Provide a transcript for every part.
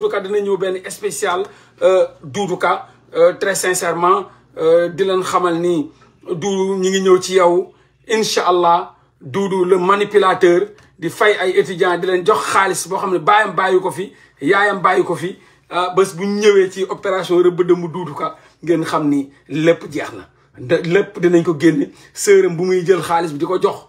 Doudou dina ñëw benn spécial euh, Doudou Ka euh, très sincèrement euh, di leen xamal ni Doudou ñu ngi ñëw ci yow incha allah Doudou la manipulateur di fay ay étudiants di leen jox xaalis boo xam ne baayam bàyyi ko fi yaayam bàyyi ko fi bés bu ñëwee ci opération rëbb dëmb Doudou Ka ngeen xam ni lépp jeex na lépp dinañ ko génne sëram bu muy jël xaalis bi di ko jox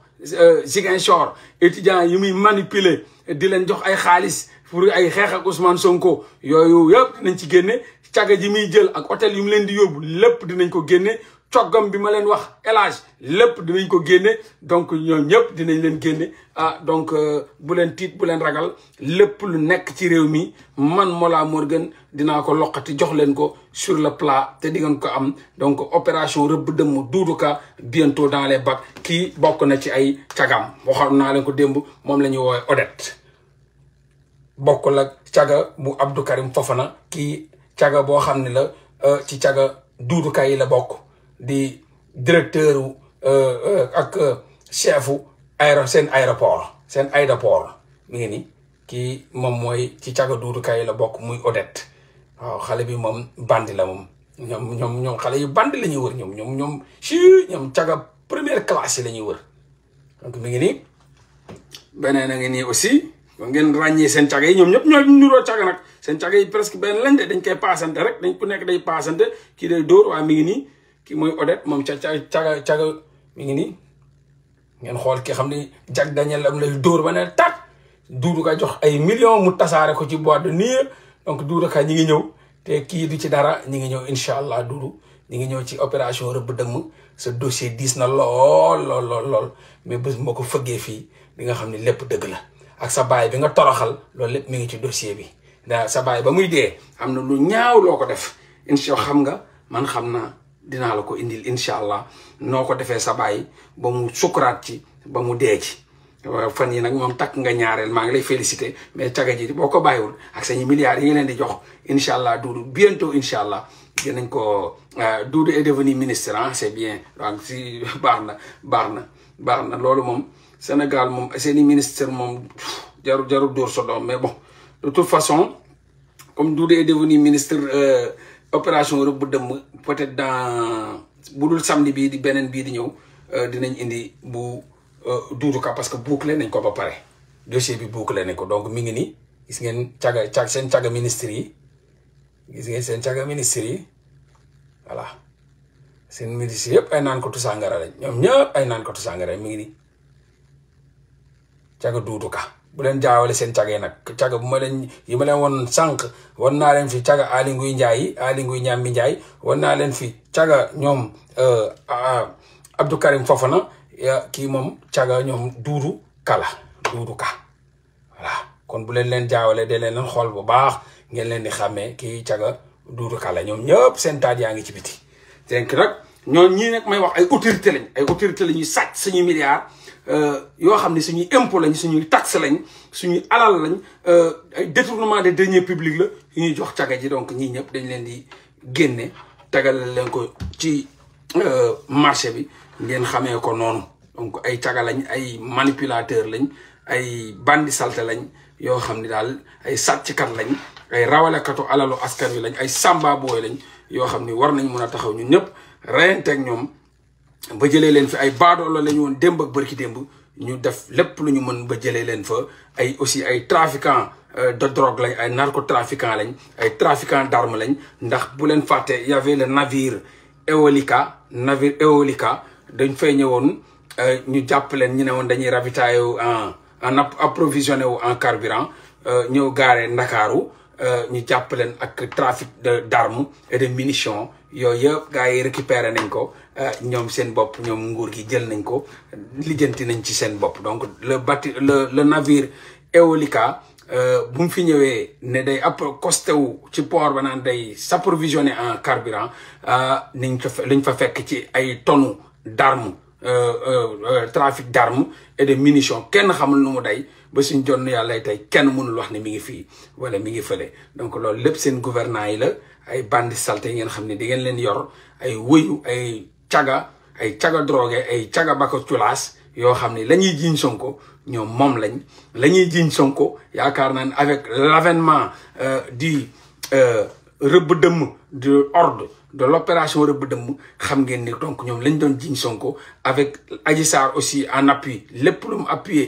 Ziguinchor étudiants yi muy manipuler di leen jox ay xaalis pour ay xeex ak Ousmane Sonko yooyu yëpp dinañ ci génne caga ji muy jël ak hôtel yu mu leen di yóbbu lépp dinañ ko génne coggam bi ma leen wax élage lépp dinañ ko génne donc ñoom ñëpp dinañ leen génne ah donc euh, bu leen tiit bu leen ragal lépp lu nekk ci réew mi man Mollah Morgun dinaa ko loqati jox leen ko sur le plat te di ngeen ko am donc opération rëbb dëmm Doudou Ka bientôt dans les bacs kii bokk na ci ay cagam waxoon naa leen ko démb moom la ñuy woowee Odette bokkul ak caga bu Abdou Karim Fofana kii caga boo xam ne la euh, ci caga duutukaay yi la bokk di directeur euh, euh, ak chefu aéro seen aéroport seen aéroport mi ngi ni kii moom mooy ci caga Doudou yi la bokk muy odet waaw xale bi moom bàndi la moom ñoom ñoom ñoom xale yu bandi lañuy ñuy wër ñoom ñoom ñoom si ñoom caga première classe yi la ñuy wër donc mi ngi ni beneen a ngi nii aussi ngeen ràññee seen caga yi ñoom ñëpp ñoo nuroo caga nag seen caga yi presque benn lañ de dañ koy paasante rek dañ ko nekk day paasante kii day dóor waa mi ngi nii kii mooy Odette moom ca caga caga mi ngi nii ngeen xool ki xam ni jag dañel am lay dóor ba ne tat duudu ka jox ay million mu tasaare ko ci boîte de nuit donc duudu ka ñi ngi ñëw te kii du ci dara ñi ngi ñëw incha allah duudu ñi ngi ñëw ci opération rëbb dëmm sa dossier diis na lool lool lool lool mais bés moo ko fëggee fii li nga xam ni lépp dëgg la ak sa baay bi nga toroxal loolu lépp mi ngi ci dossier bi da sa baay ba muy dee am na lu ñaaw loo ko def incha xam nga man xam naa dinaa la ko indil incha allah noo ko defee sa baay ba mu sukuraat ci ba mu dee ci fan yi nag moom takk nga ñaareel maa ngi lay félicité mais caga ji boo ko bàyyiwul ak sañu milliards yi nga leen di jox incha allah duudu bientôt incha allah dinañ ko euh, duudu est devenu ministre ah c'est bien donc si baax na baax na baax na loolu moom Sénégal moom seeni ministre moom jarul jarul dóor sa mais bo de tout façon comme Doudou est devenu ministre euh, opération rëbb bu dëmm peut-être dans bu dul samedi bii di beneen bii di ñëw euh, dinañ indi bu euh, Doudou Ka parce que leen nañ ko ba pare dossier bi bouclé nañ ko donc mi ngi nii gis ngeen caga cag seen caga ministre yi gis ngeen seen caga ministre yi voilà seen ministre yëpp ay naan ko tu lañ ñoom ñëpp ay naan ko tu sàngara mi ngi nii caga Doudou bu leen jaawale seen caga yi nag caga bu ma leen yi ma leen woon sànq wan naa leen fi caga Aly Ngouille Ndiaye yi Aly Ngouille Ndiambi Ndiaye naa leen fi caga ñoom euh, Abdou Karim Fofana kii moom caga ñoom Doudou Kala Doudou Ka voilà kon bu leen leen jaawale de leen leen xool bu baax ngeen leen di xàmmee kii caga Doudou Kala ñoom ñëpp seen taaj yaa ngi ci biti. donc nag ñoo ñii may wax ay autorité lañ ay autorité la ñuy sàcc suñu milliards. Euh, yoo xam ne suñuy impôt lañ suñuy taxe lañ suñuy alal lañ euh, ay détournement de dernier publics la yu ñuy jox caga ji donc ñii ñëpp dañ leen di génne tagal leen ko ci euh, marché bi ngeen xamee ko noonu donc ay caga lañ ay manipulateur lañ ay bandi salte lañ yoo xam ni daal ay sàcckat lañ ay rawalekatu alalu askan wi lañ ay samba booy lañ yoo xam ni war nañ mën a taxaw ñun ñëpp reyanteeg ñoom ba jëlee leen fi ay baadoolo la ñu woon démb ak bërki démb ñu def lépp lu ñu mën ba jëlee leen fa ay aussi ay trafiquant euh, de drogue lañ ay narcotrafiquant lañ ay trafiquant d'armes lañ ndax bu leen fàtte y avait le navire Eolika navire Eolika dañ fay ñëwoon euh, ñu jàpp leen ñu ne woon dañuy ravitailler en en approvisionné wu en carburant euh, ñëw gaare Ndakaaru Euh, ñu jàpp leen ak trafic de d'armes et de munitions yooyu yëpp gars yi récupéré nañ ko euh, ñoom seen bopp ñoom nguur gi jël nañ ko lijjanti nañ ci seen bopp donc le bati le le navire Eolika euh, bu mu fi ñëwee ne day ap costé wu ci port ba naan day s'approvisionner en carburant niñ fa liñ fa fekk ci ay tonnes darm Euh, euh, euh, trafic d'armes et de munitions kenn xamul nu mu day ba suñ jonn yàlla tey kenn mënul wax ne mi ngi fii wala mi ngi fële donc loolu lépp seen gouvernant yi la ay band salte ngeen xam ne di leen yor ay wëyu ay caga ay caga drogué ay caga bako culaas yoo xam ne lañuy ñuy jiiñ Sonko ñoom moom lañ la ñuy jiiñ Sonko yaakaar naa ne avec l'avènement di rëbb dëmm de ordre do de l'opération rëbb dëmm xam ngeen ni donc ñoom lañ doon jiñ Sonko avec aji Sarr aussi en appui lépp lu mu appuyé